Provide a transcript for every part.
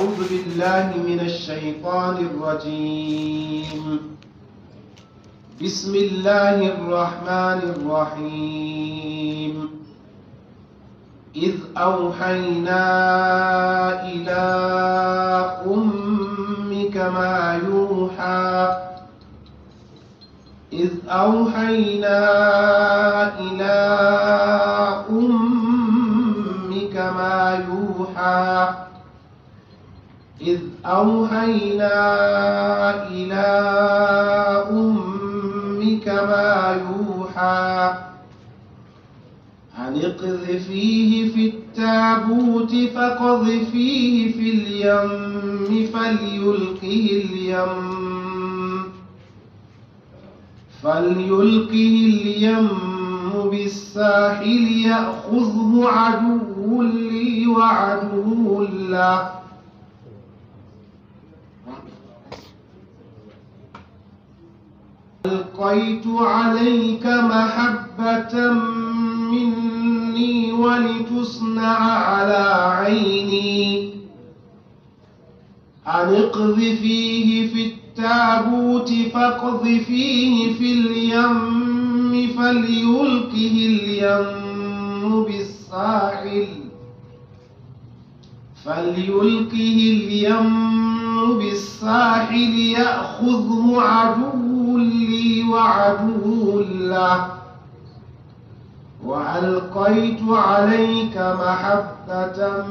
أعوذ بالله من الشيطان الرجيم بسم الله الرحمن الرحيم إذ أوحينا إلى أمك ما يوحى إذ أوحينا إلى أمك ما يوحى إذ أوحينا إلى أمك ما يوحى أن اقذفيه في التابوت فقذفيه في اليم فليلقه اليم فليلقه اليم بالساحل يأخذه عدو لي وعدو له ألقيت عليك محبة مني ولتصنع على عيني أن اقذفيه في التابوت فاقذفيه في اليم فليلقه اليم بالساحل فليلقه اليم بالساحل يأخذه عدو وعدو له وألقيت عليك محبة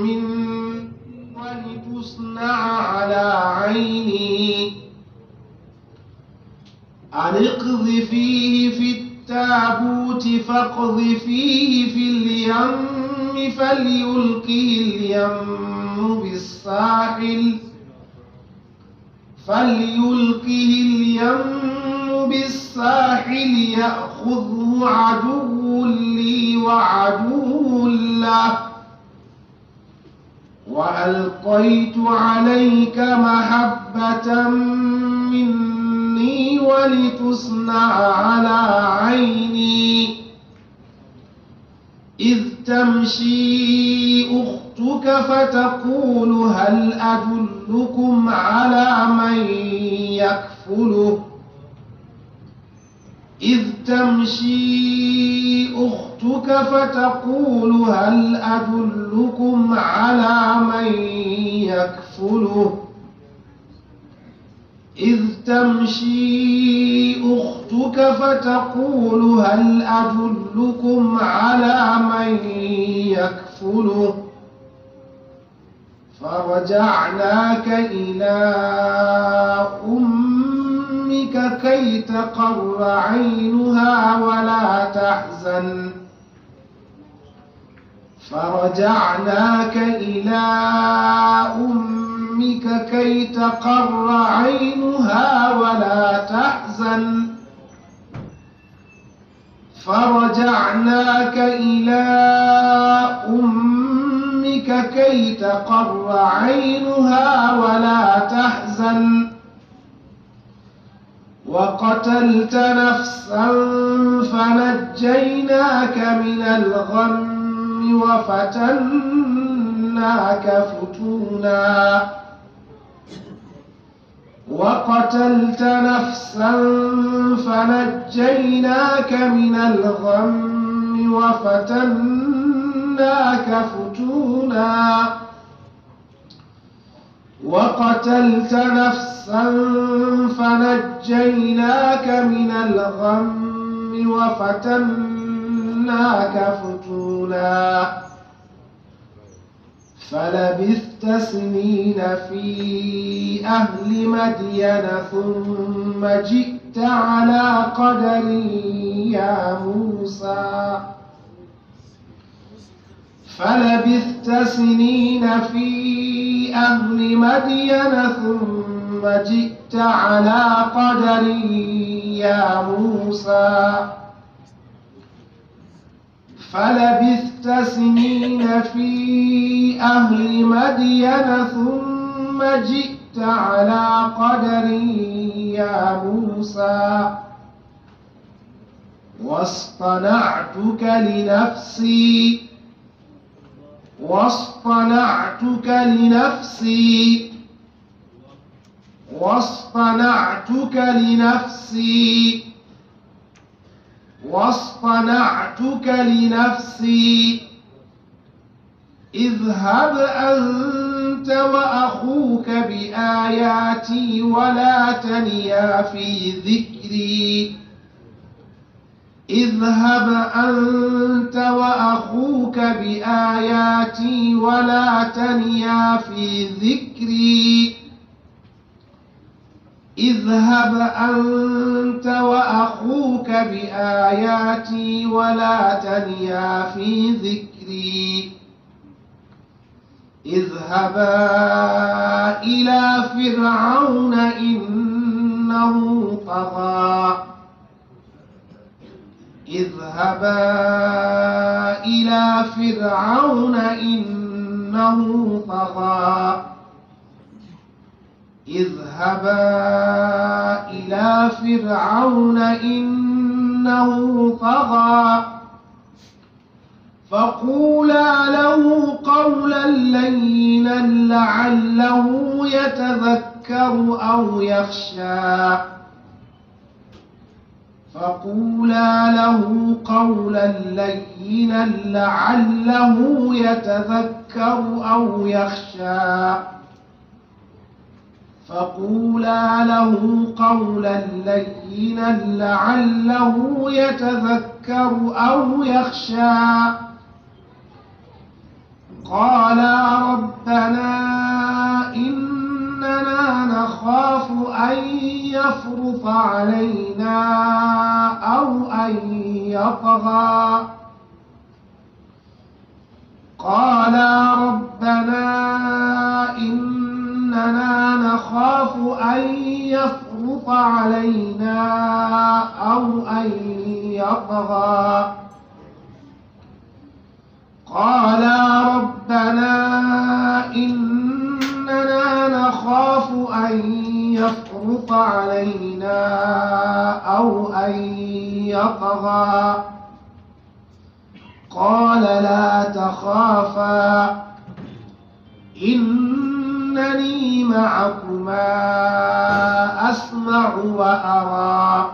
مني ولتصنع على عيني أن فيه في التابوت فاقذفيه في اليم فليلقه اليم بالساحل فليلقه اليم بالساحل يأخذه عدو لي وعدو له وألقيت عليك محبة مني ولتصنع على عيني إذ تمشي أختك فتقول هل أدلكم على من يكفله إذ تمشي أختك فتقول هل أدلكم على من يكفله إذ تمشي أختك فتقول هل أدلكم على من يكفله فرجعناك إلى أمك أمك كي تقر عينها ولا تحزن فرجعناك إلى أمك كي تقر عينها ولا تحزن فرجعناك إلى أمك كي تقر عينها ولا تحزن وقتلت نفسا فنجيناك من الغم وفتناك فتونا وقتلت نفسا فنجيناك من الغم وفتناك فتونا وقتلت نفسا فنجيناك من الغم وفتناك فتونا فلبثت سنين في أهل مدين ثم جئت على قدر يا موسى فلبثت سنين في أهل مدين ثم جئت على قدر يا موسى فلبثت سنين في أهل مدين ثم جئت على قدر يا موسى واصطنعتك لنفسي واصطنعتك لنفسي واصطنعتك لنفسي واصطنعتك لنفسي اذهب أنت وأخوك بآياتي ولا تنيا في ذكري اذهب أنت وأخوك بآياتي ولا تنيا في ذكري اذهب أنت وأخوك بآياتي ولا تنيا في ذكري اذهبا إلى فرعون إنه طغى اذهبا إلى فرعون إنه طغى اذهبا إلى فرعون إنه طغى فقولا له قولا لينا لعله يتذكر أو يخشى فقولا له قولا لينا لعله يتذكر أو يخشى فقولا له قولا لينا لعله يتذكر أو يخشى قالا ربنا إن إننا نخاف أن يفرط علينا أو أن يطغى قالا ربنا إننا نخاف أن يفرط علينا أو أن يطغى قالا ربنا إننا نخاف أن يفرط علينا أو أن يطغى قال لا تخافا إنني معكما أسمع وأرى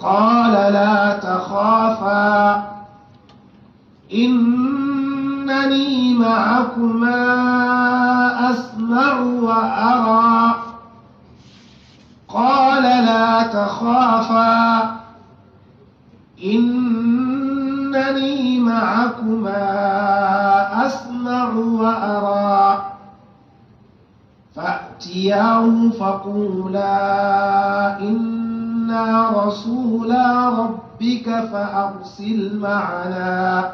قال لا تخافا إنني معكما أسمع وأرى قال لا تخافا إنني معكما أسمع وأرى فأتياه فقولا إنا رسولا ربك فأرسل معنا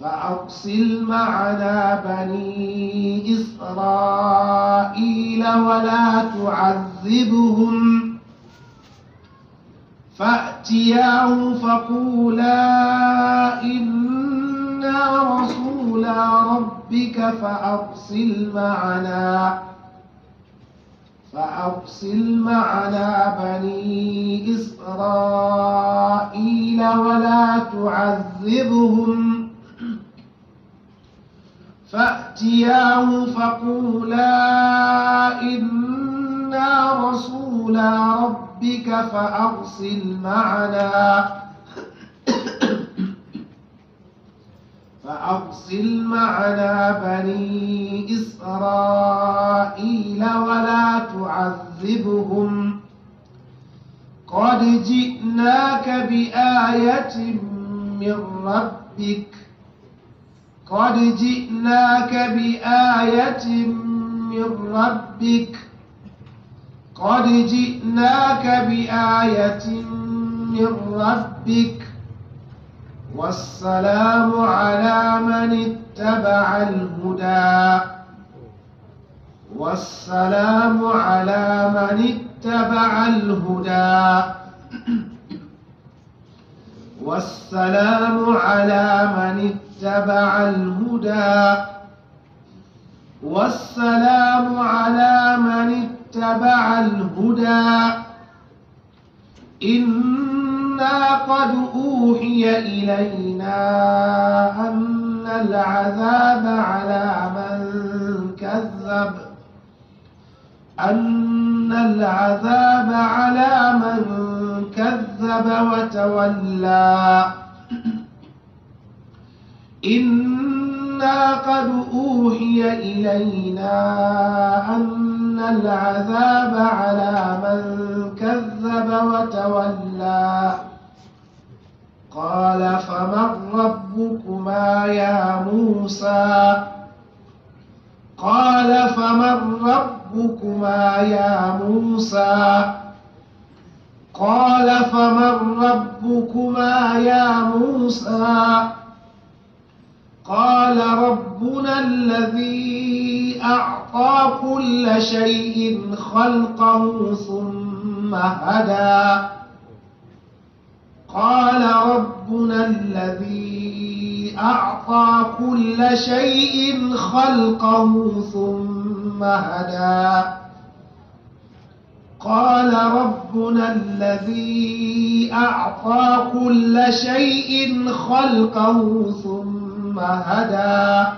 فأرسل معنا بني إسرائيل ولا تعذبهم فأتياه فقولا إنا رسولا ربك فأرسل معنا فأرسل معنا بني إسرائيل ولا تعذبهم فأتياه فقولا إنا رسولا ربك فأرسل معنا فأرسل معنا بني إسرائيل ولا تعذبهم قد جئناك بآية من ربك قد جئناك بآية من ربك قد جئناك بآية من ربك والسلام على من اتبع الهدى والسلام على من اتبع الهدى والسلام على من اتبع اتبع الهدى والسلام على من اتبع الهدى إنا قد أوحي إلينا أن العذاب على من كذب أن العذاب على من كذب وتولى إنا قد أوحي إلينا أن العذاب على من كذب وتولى قال فمن ربكما يا موسى قال فمن ربكما يا موسى قال فمن ربكما يا موسى قال ربنا الذي أعطى كل شيء خلقه ثم هدى قال ربنا الذي أعطى كل شيء خلقه ثم هدى قال ربنا الذي أعطى كل شيء خلقه ثم فهدى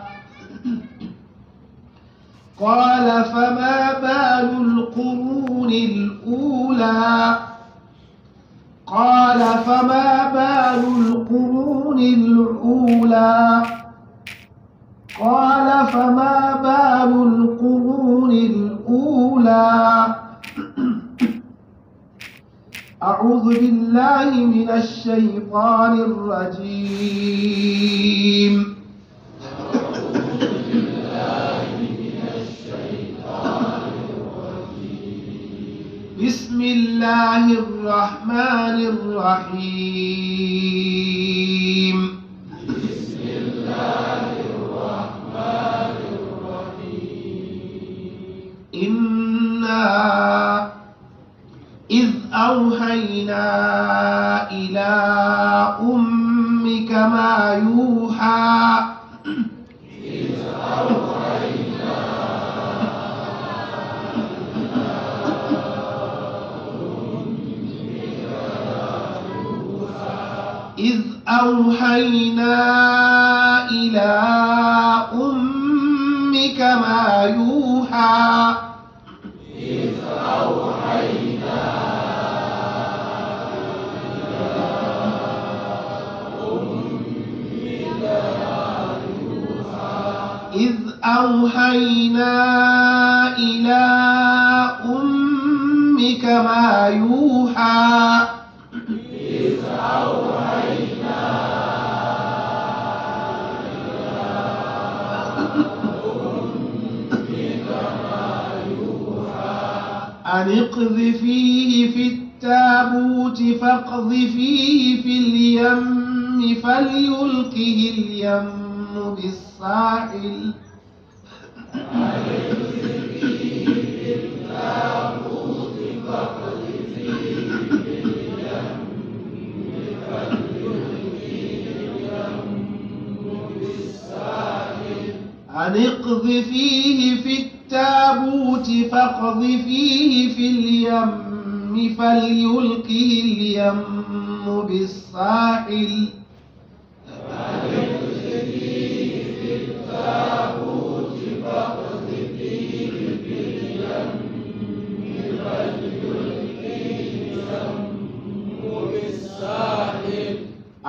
قال فما بال القرون الأولى قال فما بال القرون الأولى قال فما بال القرون الأولى أعوذ بالله من الشيطان الرجيم بسم الله الرحمن الرحيم بسم الله الرحمن الرحيم إنا إذ أوحينا إلى أمك ما يوحى إذ أوحينا إذ أوحينا إلى أمك ما يوحى أوحينا إلى أمك ما يوحى أن اقذفيه في التابوت فاقذفيه في اليم فليلقه اليم بالساحل أن اقض فيه في التابوت فاقض فيه في اليم فليلقي اليم بالساحل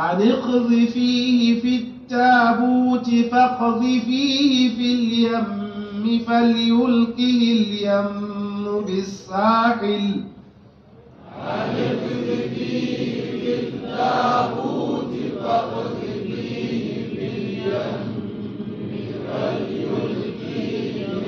عن اقذفيه في التابوت فاقذفيه في اليم فليلقه اليم بالساحل اقذفيه في التابوت فاقذفيه في اليم فليلقه اليم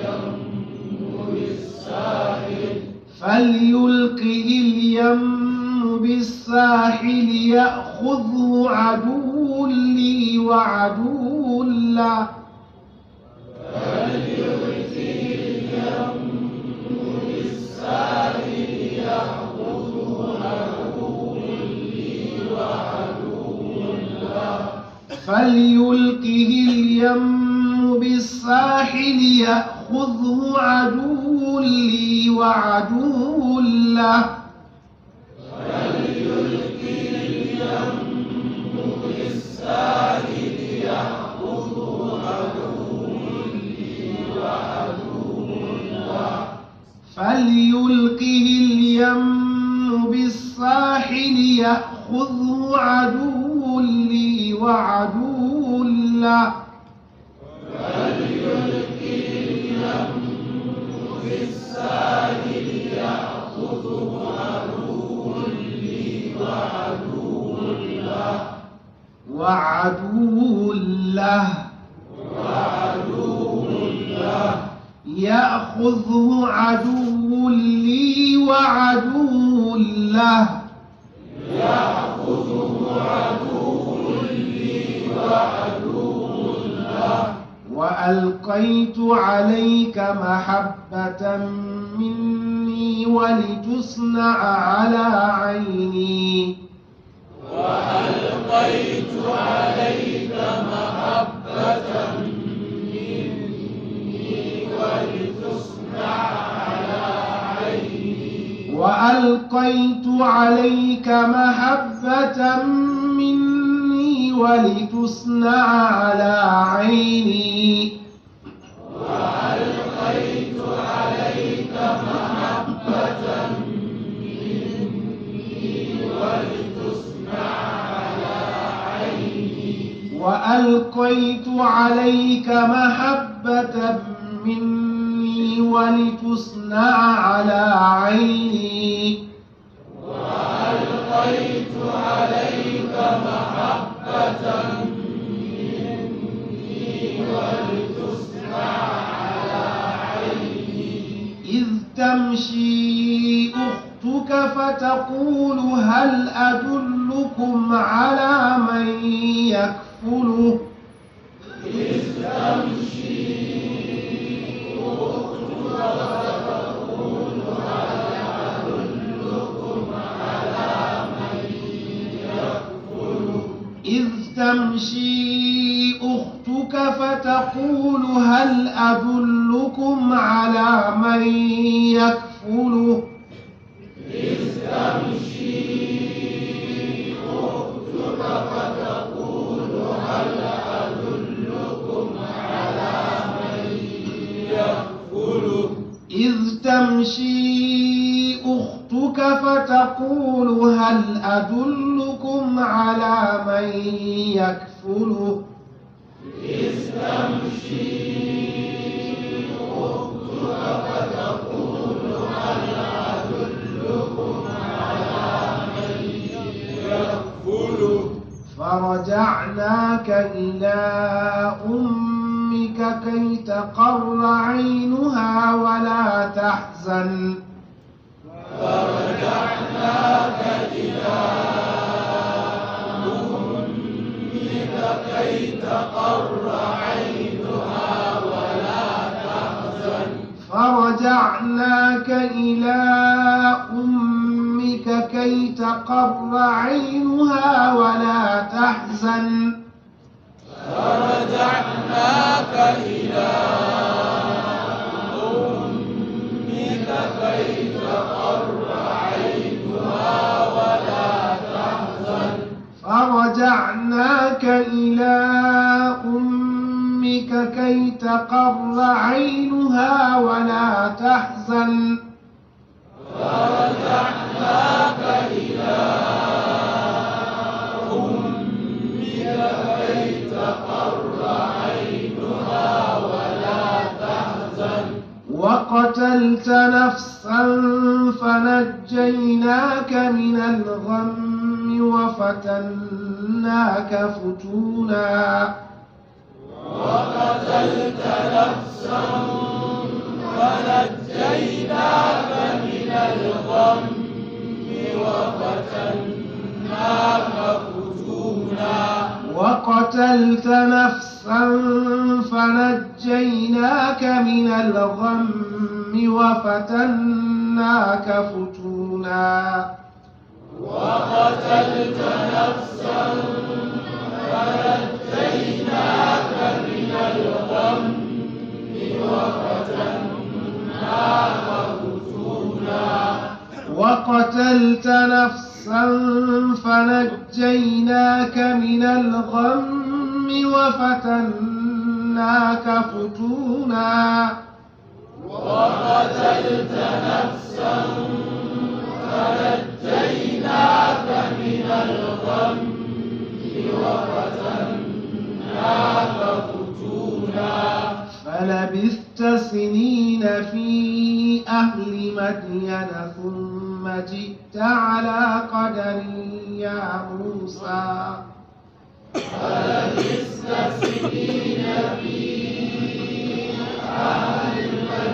بالساحل فليلقه اليم اليم بالساحل يأخذه عدو لي وعدو له فليلقه اليم بالساحل يأخذه عدو لي وعدو له الساجد يحفظ عدو لي وعدو له فليلقه اليم بالساحل يأخذه عدو لي وعدو له فليلقه اليم بالساحل يأخذه عدو لي وعدو وعدو له وعدو له يأخذه عدو لي وعدو له يأخذه عدو لي وعدو له وألقيت عليك محبة مني ولتصنع على عيني وألقيت عليك محبة مني ولتصنع على عيني وألقيت عليك محبة مني ولتصنع على عيني ألقيت عليك محبة مني ولتصنع على عيني وألقيت عليك محبة مني ولتصنع على عيني إذ تمشي أختك فتقول هل أدلكم على من يكفر كلوا إذ تمشي أختك فتقول هل أدلكم على من يكفله إذ تمشي تمشي أختك فتقول هل أدلكم على من يكفله فرجعناك إلى أمك والديك كي تقر عينها ولا تحزن فرجعناك إلى أمك كي تقر عينها ولا تحزن فرجعناك إلى أمك كي تقر عينها ولا تحزن تقر عينها ولا تحزن ورجعناك إلى أمك كي تقر عينها ولا تحزن وقتلت نفسا فنجيناك من الغم وفتناك فتونا وقتلت نفسا ونجيناك من الغم وفتناك فتونا وقتلت نفسا فنجيناك من الغم وفتناك فتونا وقتلت نفسا فنجيناك قتلت نفسا فنجيناك من الغم وفتناك فتونا وقتلت نفسا فنجيناك من الغم وفتناك فتونا فلبثت سنين في أهل مدين ثم ثم جئت على قدر يا موسى فلبثت سنين في أهل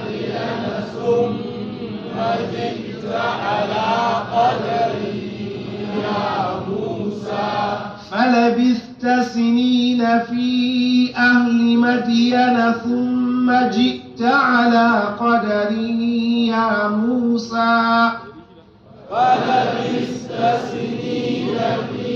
مدين ثم جئت على قدر يا موسى فلبثت سنين في أهل مدين ثم جئت على قدر يا موسى ولبثت سنين في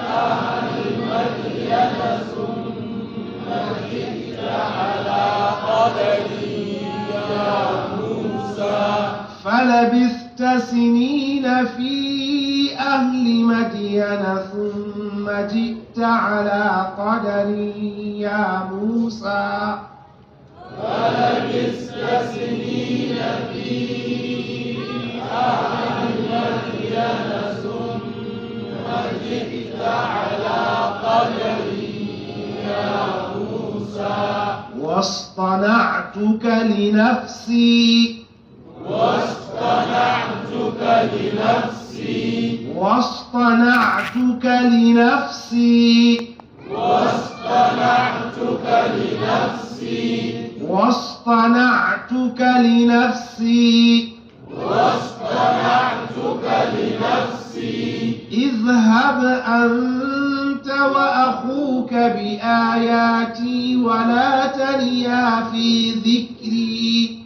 أهل مدين ثم جئت على قدري يا موسى فلبثت سنين في أهل مدين ثم جئت على قدري يا موسى ولبثت سنين في واصطنعتك لنفسي واصطنعتك لنفسي واصطنعتك لنفسي واصطنعتك لنفسي واصطنعتك لنفسي واصطنعتك لنفسي اذهب أنت وأخوك بآياتي ولا تنيا في ذكري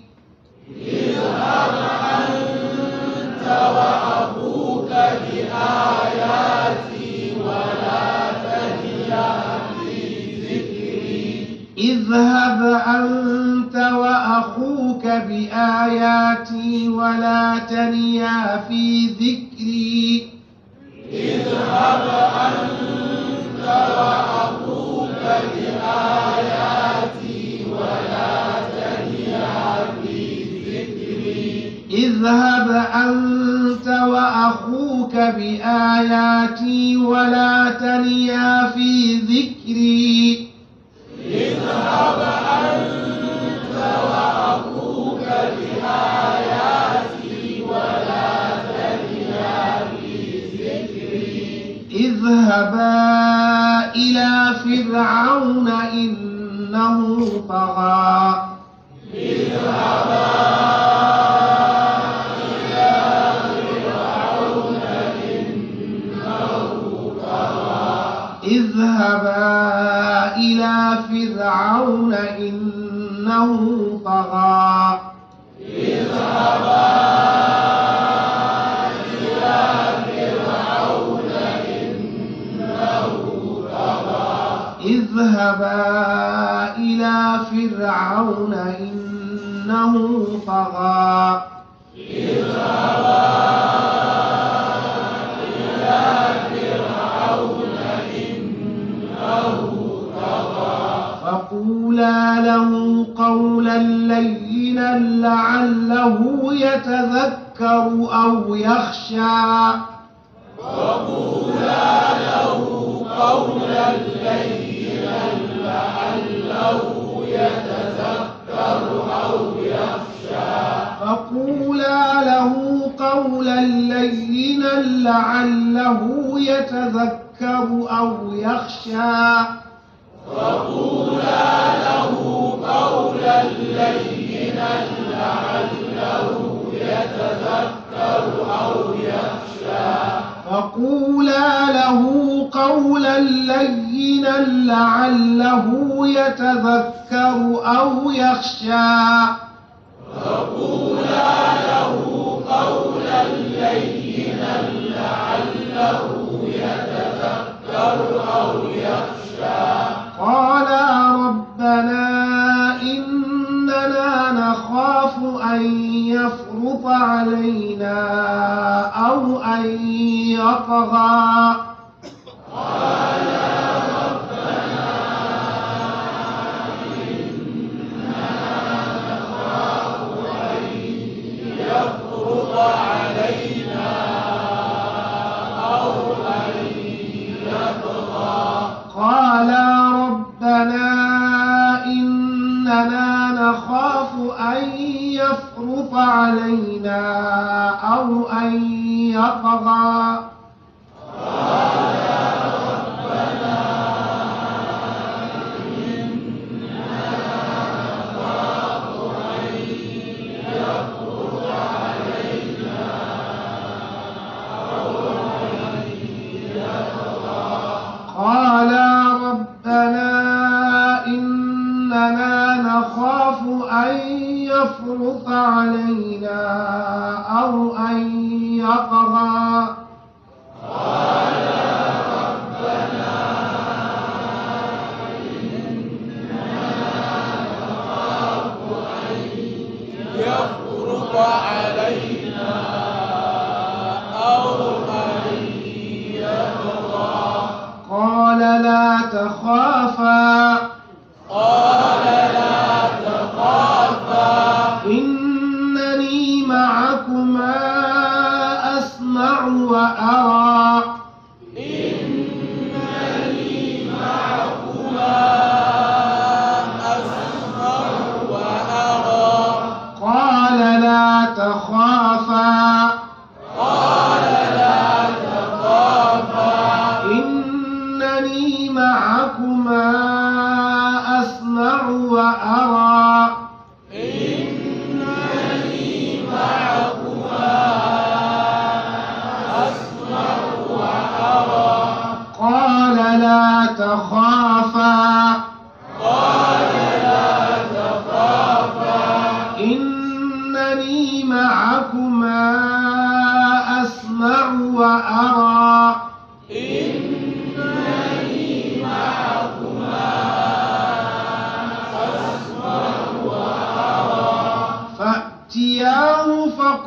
اذهب أنت وأخوك بآياتي ولا تنيا في ذكري اذهب أنت وأخوك بآياتي ولا تنيا في ذكري اذهب أنت وأخوك بآياتي ولا تنيا في ذكري اذهب أنت وأخوك بآياتي ولا تنيا في ذكري اذهبا إلى فرعون إنه طغى اذهبا اذهبا إلى فرعون إنه طغى اذهبا اذهبا إلى فرعون إنه طغى اذهبا إلى فرعون إنه طغى فقولا له قولا لينا لعله يتذكر أو يخشى وقولا له قولا لينا أو يتذكر أو يخشى فقولا له قولا لينا لعله يتذكر أو يخشى فقولا له قولا لينا لعله يتذكر أو يخشى فقولا له قولا لينا لعله يتذكر أو يخشى وقولا له قولا لينا لعله يتذكر أو يخشى قالا خلقها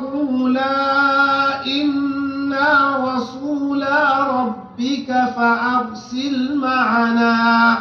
فقولا إنا رسولا ربك فأرسل معنا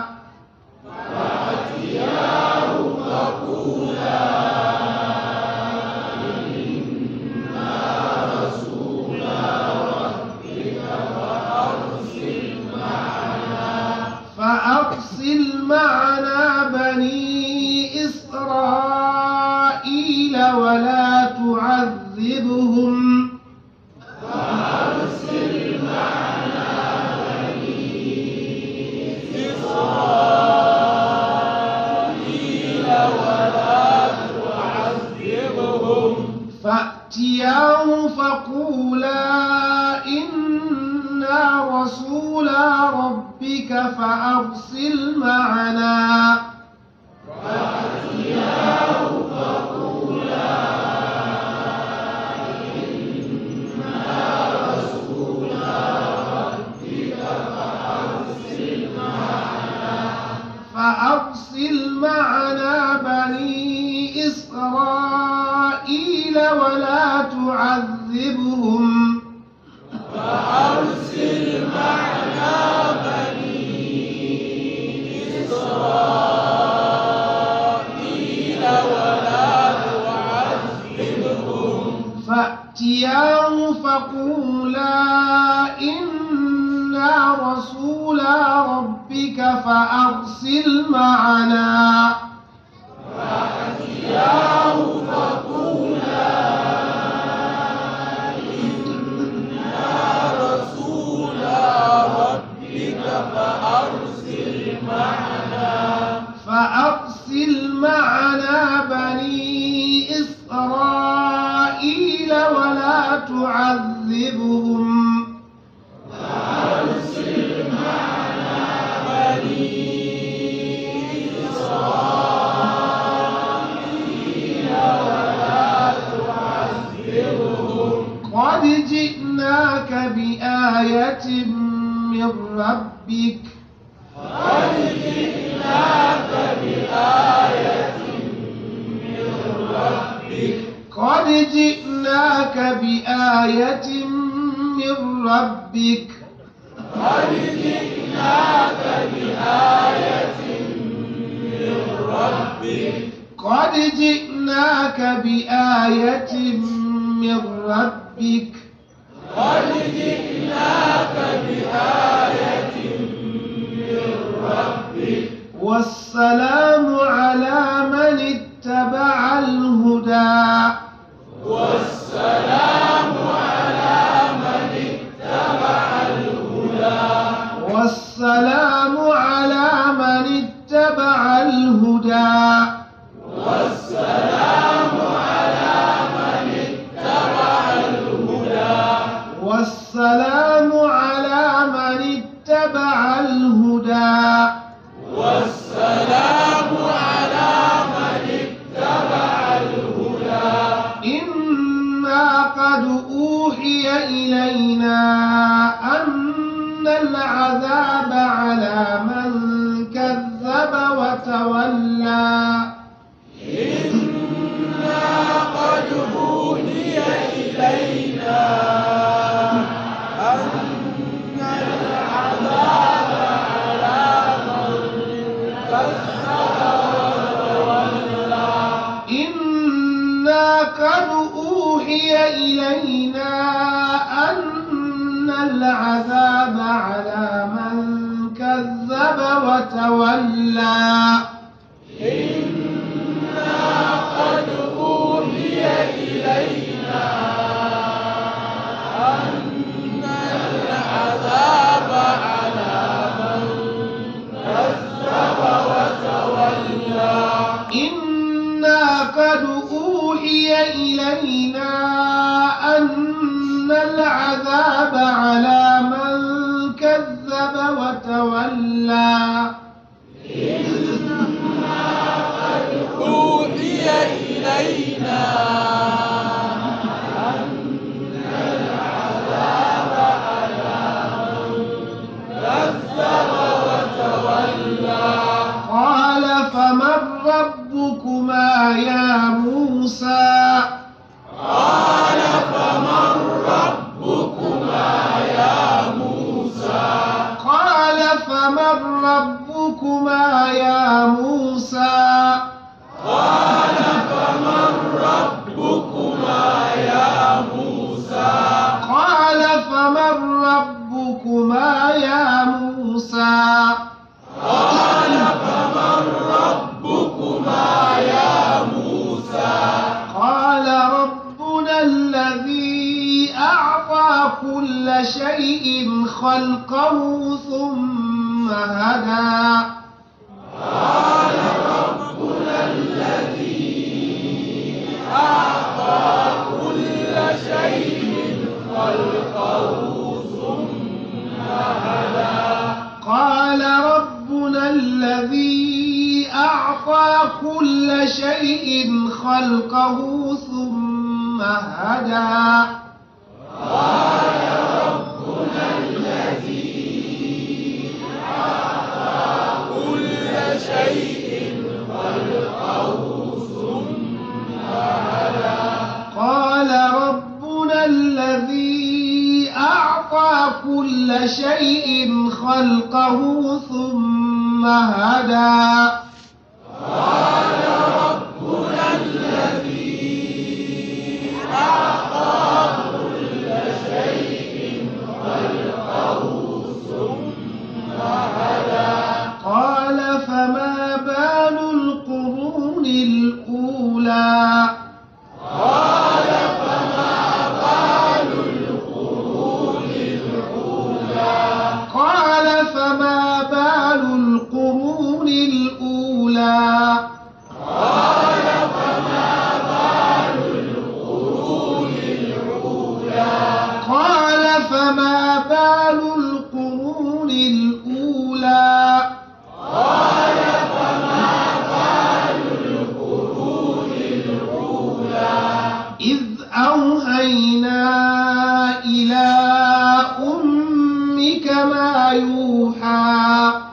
بآية من ربك قد جئناك بآية من ربك قد جئناك بآية من ربك قد جئناك بآية من ربك قد جئناك بآية من ربك قد جئناك بآية من ربك والسلام على من اتبع الهدى والسلام على من اتبع الهدى والسلام على من اتبع الهدى والسلام والسلام على من اتبع الهدى والسلام على من اتبع الهدى إنا قد أوحي إلينا أن العذاب على من كذب وتولى وتولى إنا قد أوحي إلينا أن العذاب على من كذب وتولى إنا قد أوحي إلينا ada ما يوحى